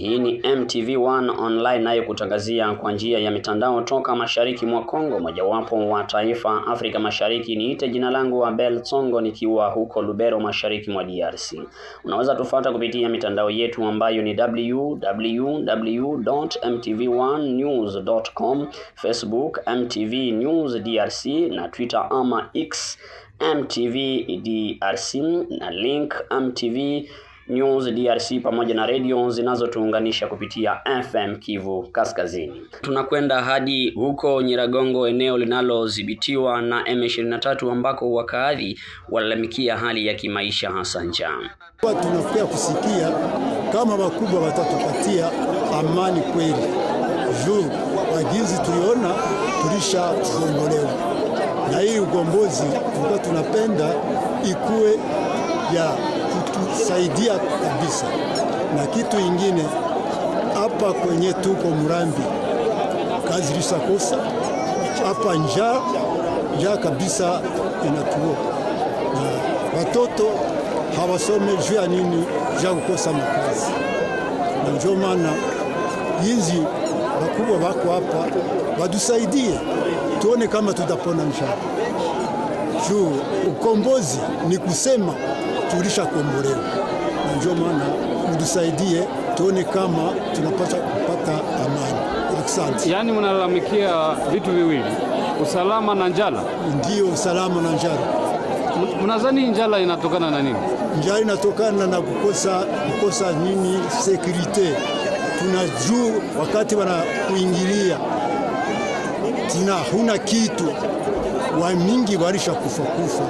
Hii ni MTV1 online nayo kutangazia kwa njia ya mitandao toka mashariki mwa Kongo, mojawapo wa taifa Afrika Mashariki. Niite jina langu Abel tsongo nikiwa huko Lubero, mashariki mwa DRC. Unaweza tufuata kupitia mitandao yetu ambayo ni www.mtv1news.com, Facebook MTV News DRC na Twitter ama X MTV DRC na link MTV News DRC pamoja na redio zinazotuunganisha kupitia FM Kivu Kaskazini. Tunakwenda hadi huko Nyiragongo, eneo linalodhibitiwa na M23 ambako wakaadhi walalamikia hali ya kimaisha hasa njaa. Tunafikia kusikia kama wakubwa watatupatia amani kweli, juu wagizi tuliona tulishagombolewa na hii ugombozi tulikuwa tunapenda ikuwe ya inatusaidia kabisa. Na kitu ingine hapa kwenye tuko Murambi, kazi kosa hapa, njaa njaa kabisa inatuo, na watoto hawasome juu ya nini? Ja kukosa makazi, na ndio maana yizi wakubwa wako hapa watusaidie, tuone kama tutapona njaa juu ukombozi ni kusema tulishakombolewa, na ndio maana mtusaidie tuone kama tunapata kupata amani. Asante. Yaani mnalalamikia vitu viwili, usalama na njala. Ndio, usalama na njala. Mnadhani njala inatokana na nini? Njala inatokana na kukosa kukosa nini? Sekurite. Tunajua wakati wanakuingilia tuna huna kitu, wa mingi warisha kufa kufa,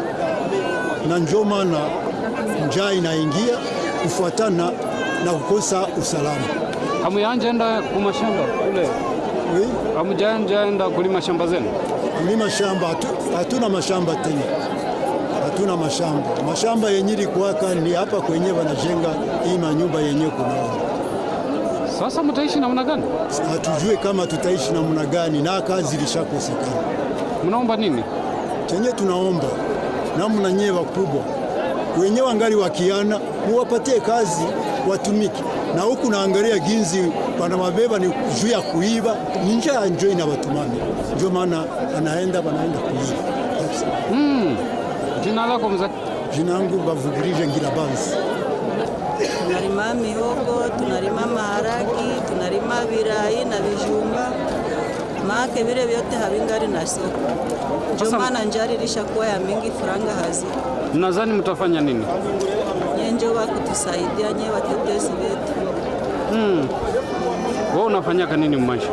na ndio maana njaa inaingia kufuatana na kukosa usalama. Hamujaenda kulima shamba kule? Oui. Hamujaenda kulima shamba zenu? Kulima shamba hatuna mashamba tena, hatuna mashamba. Mashamba yenye likuwaka ni hapa kwenye wanajenga hii manyumba yenye kuna sasa mtaishi namna gani? Hatujue kama tutaishi namna gani na kazi ilishakosekana. Mnaomba nini? Chenye tunaomba namna nyewe kubwa wenyewe wangali wakiana, muwapatie kazi watumiki. Na huku naangalia ginzi mabeba ni juu ya kuiba, ni njaa njo inawatumamia, ndio maana anaenda wanaenda kuiba. Mm. Jina lako mzee? Jina langu Bavugirije Ngilabanzi. Tunalima mihogo, tunalima maharagi tunalima birayi na vijumba make vile vyote havingari na soko, ndio maana njari ilishakuwa ya mingi, furanga hazi Mnadhani mtafanya nini? Nyenjo kutusaidia nye watetezi wetu. Mm. Wewe unafanyaka nini mmaisha?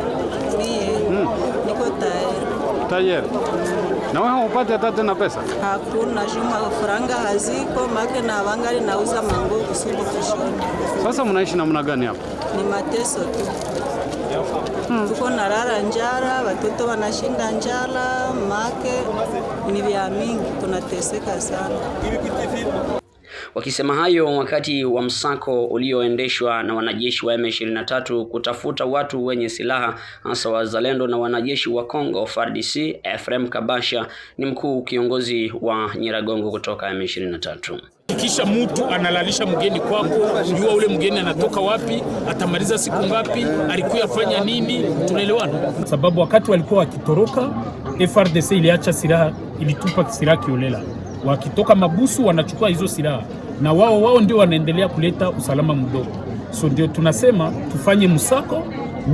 Mie. hmm. Niko tayari. Tayari. Hmm. Na wewe upate hata tena pesa? Hakuna juma franga haziko make na wangali nauza mango kusubu kushoni. Sasa mnaishi namna gani hapa? Ni mateso tu hmm. Tuko narara njara, watoto wanashinda njara, make ni vya mingi, tunateseka sana. Wakisema hayo wakati wa msako ulioendeshwa na wanajeshi wa M23 kutafuta watu wenye silaha hasa wazalendo na wanajeshi wa Kongo frdc frm Kabasha ni mkuu kiongozi wa Nyiragongo kutoka M23 hakikisha mtu analalisha mgeni kwako, jua ule mgeni anatoka wapi, atamaliza siku ngapi, alikuwa afanya nini. Tunaelewana, sababu wakati walikuwa wakitoroka FRDC iliacha silaha, ilitupa silaha kiolela. Wakitoka mabusu wanachukua hizo silaha na wao wao ndio wanaendelea kuleta usalama mdogo. So ndio tunasema tufanye msako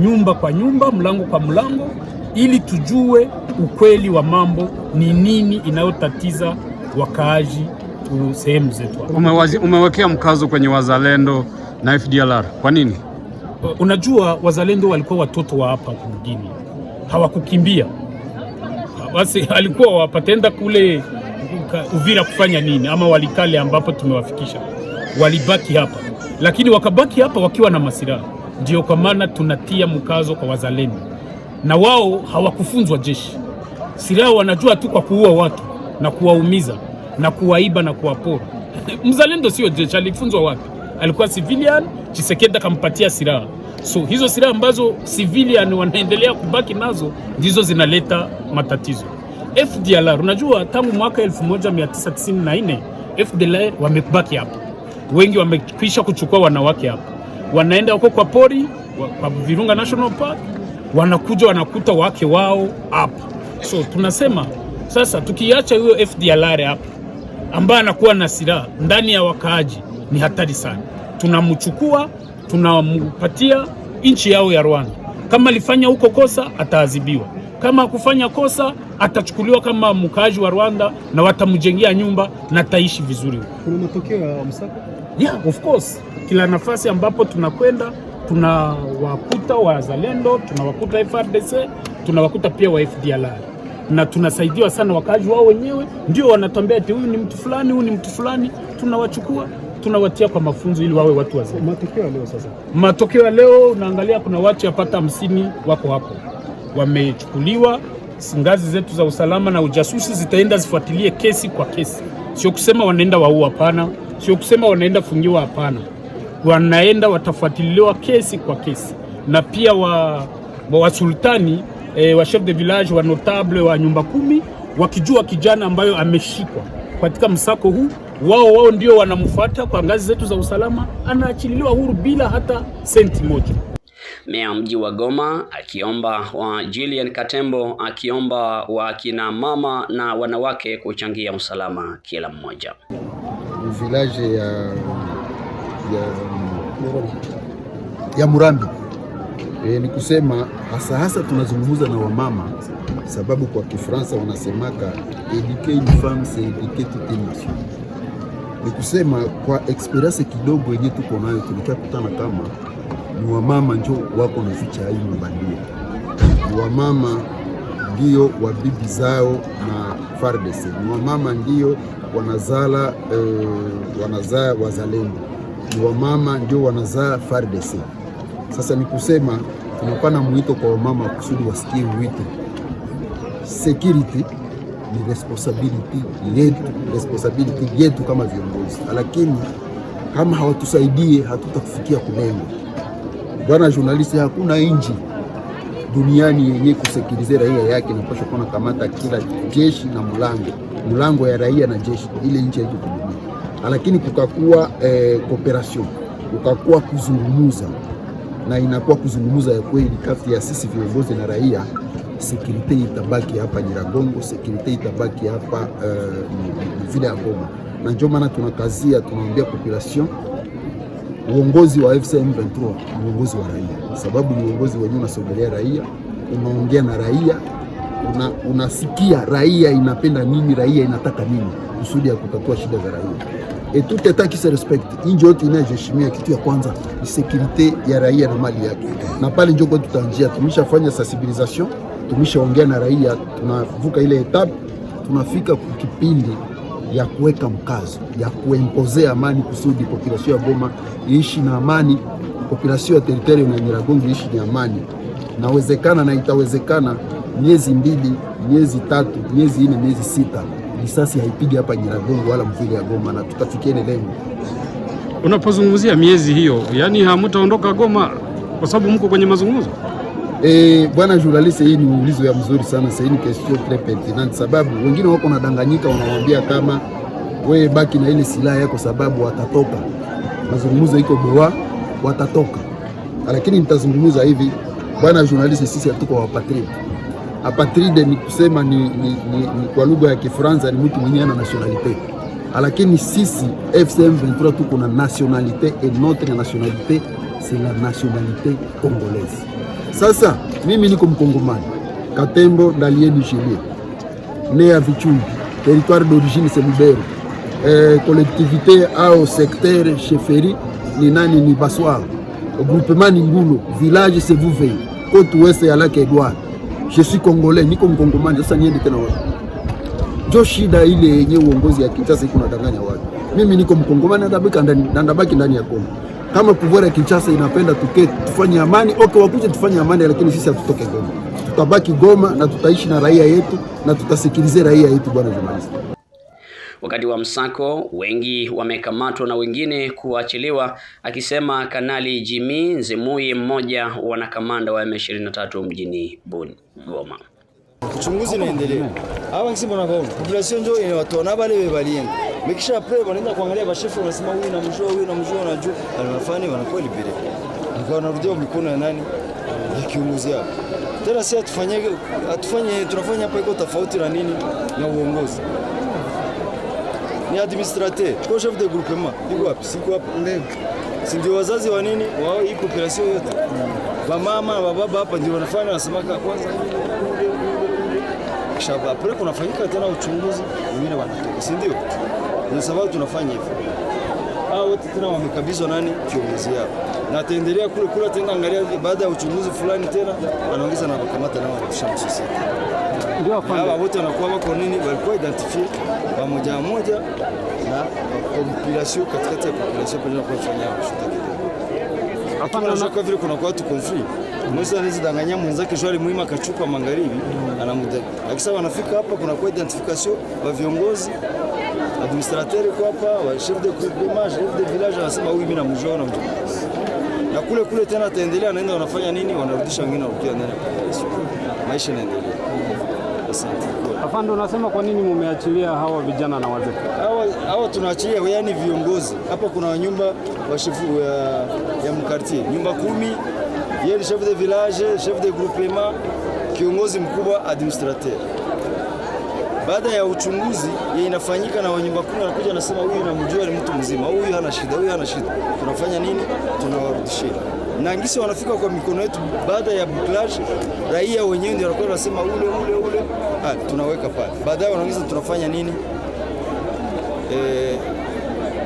nyumba kwa nyumba, mlango kwa mlango, ili tujue ukweli wa mambo ni nini inayotatiza wakaaji sehemu zetu. Umewekea mkazo kwenye wazalendo na FDLR kwa nini? Unajua, wazalendo walikuwa watoto wa hapa mjini, hawakukimbia basi. Alikuwa wapatenda kule Uvira kufanya nini, ama Walikale ambapo tumewafikisha, walibaki hapa, lakini wakabaki hapa wakiwa na masiraha. Ndio kwa maana tunatia mkazo kwa wazalendo, na wao hawakufunzwa jeshi, silaha wanajua tu kwa kuua watu na kuwaumiza na kuwaiba na kuwapora. Mzalendo sio jeshi, alifunzwa wapi? Alikuwa civilian, Chisekedi akampatia silaha. So hizo silaha ambazo civilian wanaendelea kubaki nazo ndizo zinaleta matatizo. FDLR unajua, tangu mwaka 1994 FDLR wamebaki hapo, wengi wamekwisha kuchukua wanawake hapo, wanaenda huko kwa pori kwa Virunga National Park, wanakuja wanakuta wake wao hapo. So tunasema sasa tukiacha hiyo FDLR hapo ambaye anakuwa na silaha ndani ya wakaaji ni hatari sana. Tunamchukua, tunampatia nchi yao ya Rwanda. Kama alifanya huko kosa ataadhibiwa, kama akufanya kosa atachukuliwa kama mkaaji wa Rwanda na watamjengea nyumba na ataishi vizuri. Kuna matokeo ya msako? Yeah, of course, kila nafasi ambapo tunakwenda tunawakuta wazalendo, tunawakuta FRDC, tunawakuta pia wa FDLR na tunasaidiwa sana. Wakaaji wao wenyewe ndio wanatambea ati huyu ni mtu fulani, huyu ni mtu fulani, tunawachukua tunawatia kwa mafunzo ili wawe watu wazima. Matokeo ya leo sasa, matokeo ya leo unaangalia, kuna watu yapata hamsini wako hapo wamechukuliwa. Ngazi zetu za usalama na ujasusi zitaenda zifuatilie kesi kwa kesi, sio kusema wanaenda waua, hapana, sio kusema wanaenda fungiwa, hapana, wanaenda watafuatiliwa kesi kwa kesi, na pia wa, wa wasultani e, wa chef de village wa notable wa nyumba kumi wakijua kijana ambayo ameshikwa katika msako huu, wao wao ndio wanamfuata kwa ngazi zetu za usalama, anaachililiwa huru bila hata senti moja. Meya mji wa Goma akiomba wa Julian Katembo akiomba wakina mama na wanawake kuchangia usalama kila mmoja village ya, ya, ya Murambi E, ni kusema hasa hasa tunazungumza na wamama, sababu kwa Kifaransa wanasemaka eduquer une femme c'est eduquer toute une nation. Ni kusema kwa experience kidogo yenye tuko nayo, tulikia kutana kama ni wamama njo wako na vicha hii mabandia, ni wamama ndio wabibi zao na FARDC, ni wamama ndio wanazala e, wanazaa wazalendo, ni wamama ndio wanazaa FARDC sasa ni kusema tunakuwa na mwito kwa wamama kusudi wasikie wito. Security ni responsibility yetu, responsibility yetu kama viongozi, lakini kama hawatusaidie hatutakufikia kulengwa Bwana journalist, hakuna inji duniani yenye kusekirize raia yake napasha kuona kamata kila jeshi na mlango mlango ya raia na jeshi ile nchi yetu kudumia, lakini kukakuwa eh, cooperation kukakuwa kuzungumuza na inakuwa kuzungumza ya kweli kati ya sisi viongozi na raia. Sekurite itabaki hapa Nyiragongo, sekurite itabaki hapa uh, vile ya Goma, na ndio maana tunakazia, tunaambia population uongozi wa FCM 23 ni uongozi wa raia, sababu ni uongozi wenyewe unasogelea raia, unaongea na raia, unasikia raia inapenda nini, raia inataka nini, kusudi ya kutatua shida za raia et tout etat qui se respecte. Hii yote inayoheshimia. Kitu ya kwanza ni security ya raia na mali yake, na pale ndio kwa tutanjia. Tumeshafanya sensibilisation, tumeshaongea na raia, tunavuka ile etape, tunafika kipindi ya kuweka mkazo ya kuempozea amani kusudi population ya Goma iishi na amani, population ya teriteri na Nyiragongo iishi na amani. Nawezekana na itawezekana miezi mbili, miezi tatu, miezi nne, miezi sita risasi haipigi hapa Nyiragongo wala mvili ya Goma, na tutafikiane lengo. Unapozungumzia miezi hiyo, yani hamtaondoka Goma kwa sababu mko kwenye mazungumzo? E, bwana journalist, hii ni uulizo ya mzuri sana sasa. Hii ni question très pertinent, sababu wengine wako nadanganyika, wanawaambia kama wewe baki na ile silaha yako, sababu watatoka mazungumzo, iko boa, watatoka. Lakini nitazungumza hivi, bwana journalist, sisi hatuko wapatrioti apatride ni kusema ni, ni, ni, ni kwa lugha ya Kifaransa ni mtu mwenye ana nationalite, lakini sisi FCM 23 tuko na nationalite et notre nationalite c'est la nationalite congolaise. Sasa mimi niko mkongomani Katembo dalie du Chili ne ya vichumbi territoire d'origine c'est Lubero. Eh, collectivité au secteur cheferi ni nani? Ni baswa Groupement ni Ngulu, village c'est Vuvei, côte ouest ya Lake Edouard Jesi Kongole, niko Mkongomani, sasa niende tena wapi? Njo shida ile yenye uongozi ya Kinshasa iko nadanganya watu. Mimi niko Mkongomani na ndabaki ndani ya Kongo. Kama pouvoir ya Kinshasa inapenda tuke tufanye amani, okay, wakuje tufanye amani, lakini sisi hatutoke Goma, tutabaki Goma na tutaishi na raia yetu na tutasikilize raia yetu, bwana journalist. Wakati wa msako, wengi wamekamatwa na wengine kuachiliwa, akisema Kanali Jimmy Nzimui, mmoja wanakamanda wa M23 mjini Goma. Uchunguzi unaendelea. Hawa simba na kwa population ndio ile watu inawatona bale bebalinga. Mekisha pre wanaenda kuangalia bashefu wanasema huyu na mjua huyu na mjua na juu. Alifani wanakuwa libere. Nikawa anarudia mikono ya nani? Ya kiongozi hapo. Tena sasa tufanye atufanye tunafanya hapa iko tofauti na nini na uongozi ni administrate Kwa chef de groupement iko wapi? Siko hapa leo. Si ndio wazazi wa nini wao, hii population yote ba mama ba baba hapa ndio wanafanya wanasemaka kwanza kisha shaba kuna fanyika tena uchunguzi wengine wanatoka, si ndio? Ndio sababu tunafanya hivyo. Hao wote tena wamekabizwa nani kiongozi yao, na ataendelea kule kule tena, angalia baada ya uchunguzi fulani tena anaongeza na kukamata na wanapisha msositi ndio hawa wote wanakuwa wako nini, walikuwa identifie pamoja moja na population, katikati ya population pale kufanya wanafanya Hapana, kwa vile kuna watu watu mwezi anaweza danganya mwenzake shwari muhimu kachupa magharibi mm. anamuda. Akisema wanafika hapa kuna kwa identification wa viongozi administrateur kwa hapa wa chef de groupement, chef de village anasema huyu mimi namjua na mtu. Na kule kule tena ataendelea anaenda wanafanya nini? Wanarudisha wengine warukia ndani ya population. Maisha yanaendelea asante. Afande, unasema kwa nini mumeachilia hawa vijana na wazee? Hawa, hawa tunaachilia yani viongozi hapa. Kuna nyumba shifu uh, ya, ya mkartie nyumba kumi, yeye chef de village, chef de groupement, kiongozi mkubwa administrateur. Baada ya uchunguzi ye inafanyika na wanyumba kumi anakuja anasema huyu namjua, ni mtu mzima, huyu hana shida, huyu hana shida. Tunafanya nini? Tunawarudishia na ngisi wanafika kwa mikono yetu baada ya buklash, raia wenyewe ndio wanakuwa wanasema ule ule ule. Ah, tunaweka pale, baadaye wanaongeza tunafanya nini? E,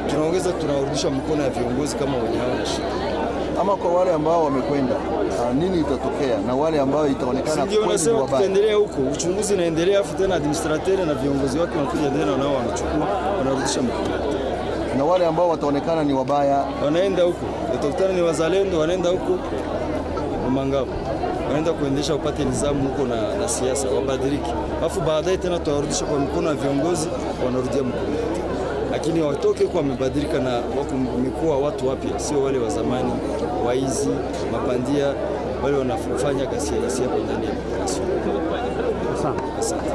tunaongeza tunarudisha mkono ya viongozi kama wenye hao shida. Ama kwa wale ambao wamekwenda ah, nini itatokea na wale ambao itaonekana kweli nasema tutaendelea huko, uchunguzi unaendelea, afu tena administrateur na viongozi wake wanakuja tena, nao wanachukua wanarudisha mkono na wale ambao wataonekana ni wabaya wanaenda huko, watakutana ni wazalendo, wanaenda huko Mangabo, wanaenda kuendesha upate nizamu huko na, na siasa wabadiriki alafu baadaye tena tuwarudisha kwa mikono ya viongozi, wanarudia mkono lakini watoke huko wamebadilika na mikoa, watu wapya, sio wale wa zamani waizi, mapandia wale wanafanya ghasia ghasia ndani ya Asante.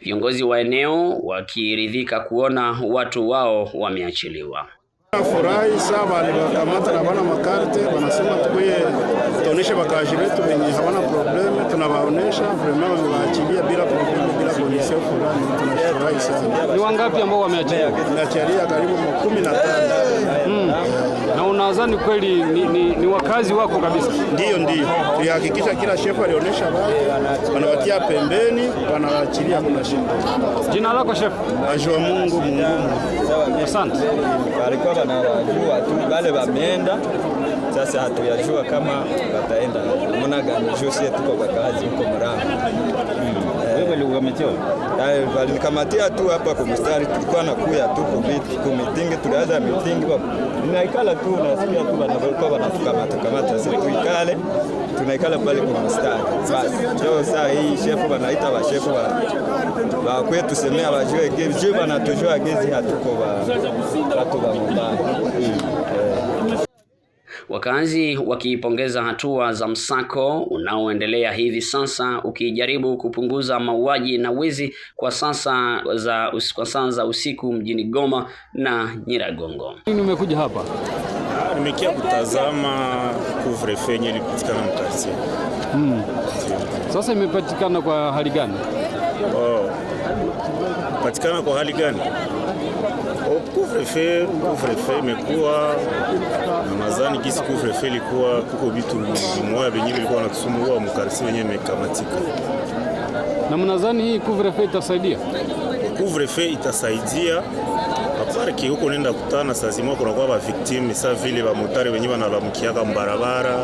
Viongozi wa eneo wakiridhika kuona watu wao wameachiliwa. Nafurahi saa waliwakamata na bana makarte wanasema tukuye tuoneshe bakaji betu wenye hawana problem tunawaonesha vrema wamewaachilia bila problem, bila kondisio fulani. Tunafurahi sana. Ni wangapi ambao wameachilia? Wameachilia karibu makumi na tano nadhani kweli ni, ni, ni wakazi wako kabisa. ndio ndio tulihakikisha kila shefu alionyesha wake, wanawatia pembeni, wanawaachilia kuna shida. Jina lako shefu? Ajua Mungu Mungu. Asante. Walikuwa wanawajua tu wale wameenda, sasa hatuyajua kama wataenda namna gani. tuko kwa kazi huko Murang'a kweli walikukamatia? Walinikamatia tu hapa kwa mstari, tulikuwa na kuya tu kwa mitingi, tulianza mitingi, ninaikala tu, na sikia tu walikuwa wanatukamata kamata, sisi tuikale tunaikala pale kwa mstari. Basi leo saa hii shefu wanaita wa shefu wa wa kwetu semea wajue gezi, wanatujua gezi, hatuko wa hatuko wa mbaya Wakazi wakiipongeza hatua za msako unaoendelea hivi sasa ukijaribu kupunguza mauaji na wizi kwa sasa za kwa saa za usiku mjini Goma na Nyiragongo. Nini umekuja hapa? Nimekia kutazama kuvre fenye ilipatikana mkazie. Hmm. Sasa imepatikana kwa hali gani? Oh. Patikana kwa hali gani? Couvre-feu couvre-feu imekuwa na mazani kisi couvre-feu ilikuwa kuko vitu vimoya venyewe vilikuwa natusumbua mkarisi wenyewe imekamatika. Na mnadhani hii couvre-feu itasaidia? Couvre-feu itasaidia aparki huko nenda kutana saa zimwa kunakuwa ba victime sa vile ba motari wenyewe wanalamukiaka mbarabara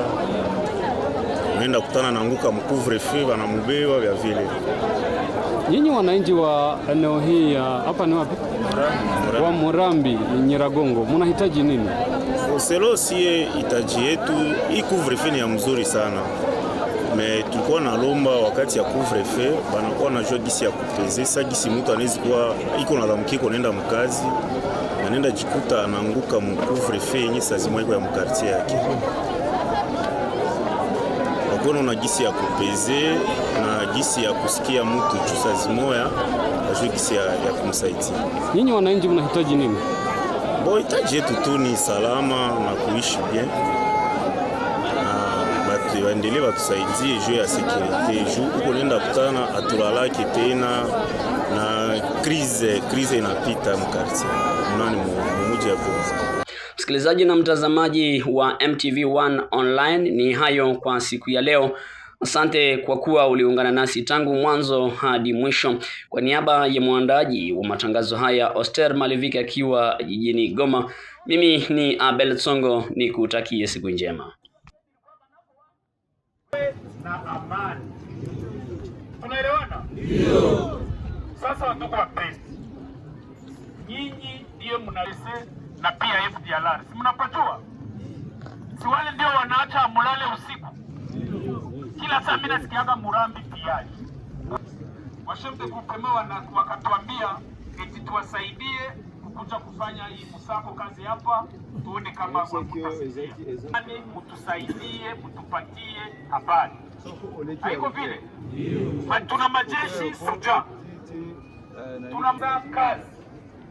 nenda kutana na nguka mcouvre-feu banamubeba vya vile Nyinyi wananchi wa eneo hii hapa ni wapi? Murambi. Wa Murambi Nyiragongo, mnahitaji nini? Selo sie hitaji yetu i couvre-feu ni ya mzuri sana me tulikuwa nalomba wakati ya couvre-feu banakuwa najua gisi ya kupezesa gisi mutu anawezi kuwa iko na lamkiko nenda mkazi anenda jikuta ananguka mu couvre-feu yenye sazimwaiko ya mkartie yake kuona na gisi ya kupeze na gisi ya kusikia mtu chusa zimoya ajue gisi ya, ya kumsaidia. Nyinyi wananchi mnahitaji nini? Bo, hitaji yetu tu ni salama na kuishi bien waendelee watusaidie juu ya sekurite, juu uko nenda kutana atulalaki tena na krize krize inapita mkartie mnani mumuji ya Goma. Msikilizaji na mtazamaji wa MTV1 Online, ni hayo kwa siku ya leo. Asante kwa kuwa uliungana nasi tangu mwanzo hadi mwisho. Kwa niaba ya mwandaji wa matangazo haya Oster Malivika akiwa jijini Goma, mimi ni Abel Tsongo, ni kutakie siku njema Sasa ndugu wa nyinyi ndiyo mnaweza na pia FDLR. Si mnapajua? Si wale ndio wanaacha mulale usiku. Kila saa mimi nasikiaga Murambi pia. Washembe kupema wana wakatuambia eti tuwasaidie kukuja kufanya hii msako kazi hapa tuone kama mtasaidia. Yaani, mtusaidie, mtupatie habari. Haiko vile. Tuna majeshi suja. Tuna kazi.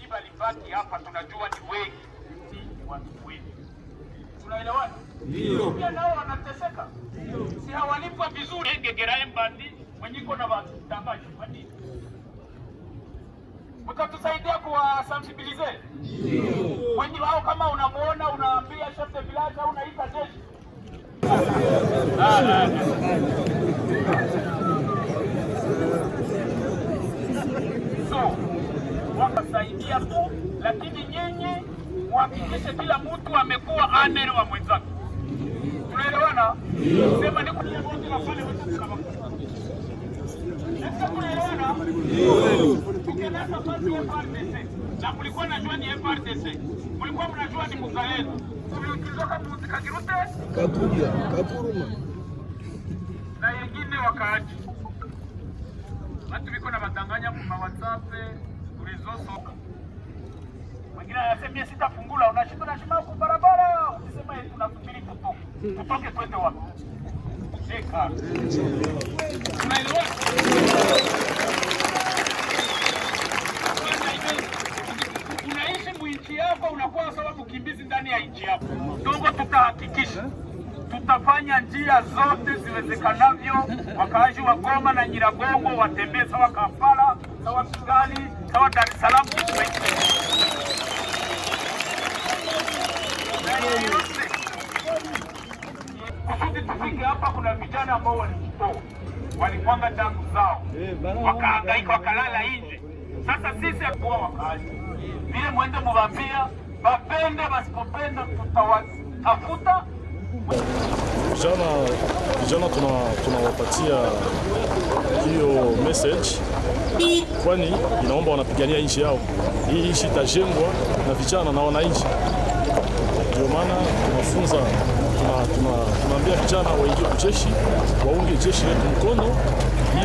Kiba Livaki hapa tunajua ni wengi wengi, tunaelewana? Ndio. Pia nao wanateseka, si hawalipwa vizuri. Ngegerae mbandi mwenyiko na watangaji mbandi, mtatusaidia kuwasansibilize wengi wao, kama unamuona unaambia chef de village au unaita jeshi ah, ah, ah. wakasaidia tu, lakini nyinyi muhakikishe kila mtu amekuwa wa mwenzake. Tunaelewana? Sema niko na mlikuwa najua ni FRDC, mlikuwa mnajua ni Mugaeni, Kakuruma na wengine wakaaji watu viko na watanganya kwa WhatsApp zilizosoka. Mwingine anasema sitafungula, unashinda nashima huko barabara, ukisema tunasubiri tutoke, tutoke twende wapi? Sheka, Unaishi mwinchi yako, unakuwa sawa mkimbizi ndani ya nchi yako. Ndogo, tutahakikisha tutafanya njia zote ziwezekanavyo, wakaaji wa Goma na Nyiragongo watembee sawa Kampala wa Dar es Salaam kusudi tufike hapa. Kuna vijana ambao walijitoa, walipanga tangu zao, wakahangaika, wakalala nje. Sasa sisi akuwa wakaaji vile, mwende muvambia wapende wasipopenda, tutawatafuta vijana. Vijana tunawapatia tuna hiyo message kwani inaomba wanapigania nchi yao. Hii nchi itajengwa na vijana na wananchi, ndio maana tunafunza tunaambia vijana waingie kujeshi, waunge jeshi letu mkono,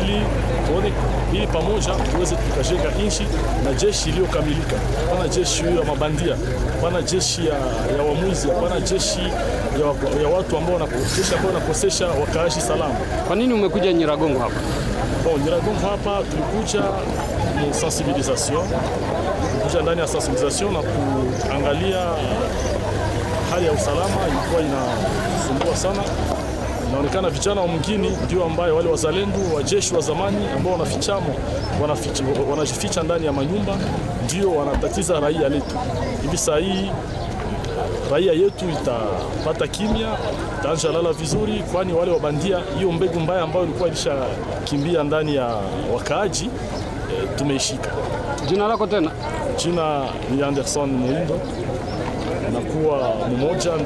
ili tuone, ili pamoja tuweze tukajenga nchi na jeshi iliyokamilika. Pana jeshi ya mabandia, pana jeshi ya, ya wamuzi, pana jeshi ya, ya watu ambao wanakosesha wakaaji salama. Kwa nini umekuja Nyiragongo hapa? Bon, Nyiragongo hapa tulikuja ni sensibilisation, tulikuja ndani ya sensibilisation na kuangalia hali ya usalama ilikuwa inasumbua sana. Inaonekana vijana wa mgini ndio ambayo wale wazalendo wajeshi wa zamani ambao wanafichamo wanaficha, wanajificha ndani ya manyumba ndio wanatatiza raia letu hivi saa hii raia yetu itapata kimya, itaanza lala vizuri, kwani wale wabandia hiyo mbegu mbaya ambayo ilikuwa ilishakimbia ndani ya wakaaji e, tumeishika. Jina lako tena? Jina ni Anderson Muindo, nakuwa mmoja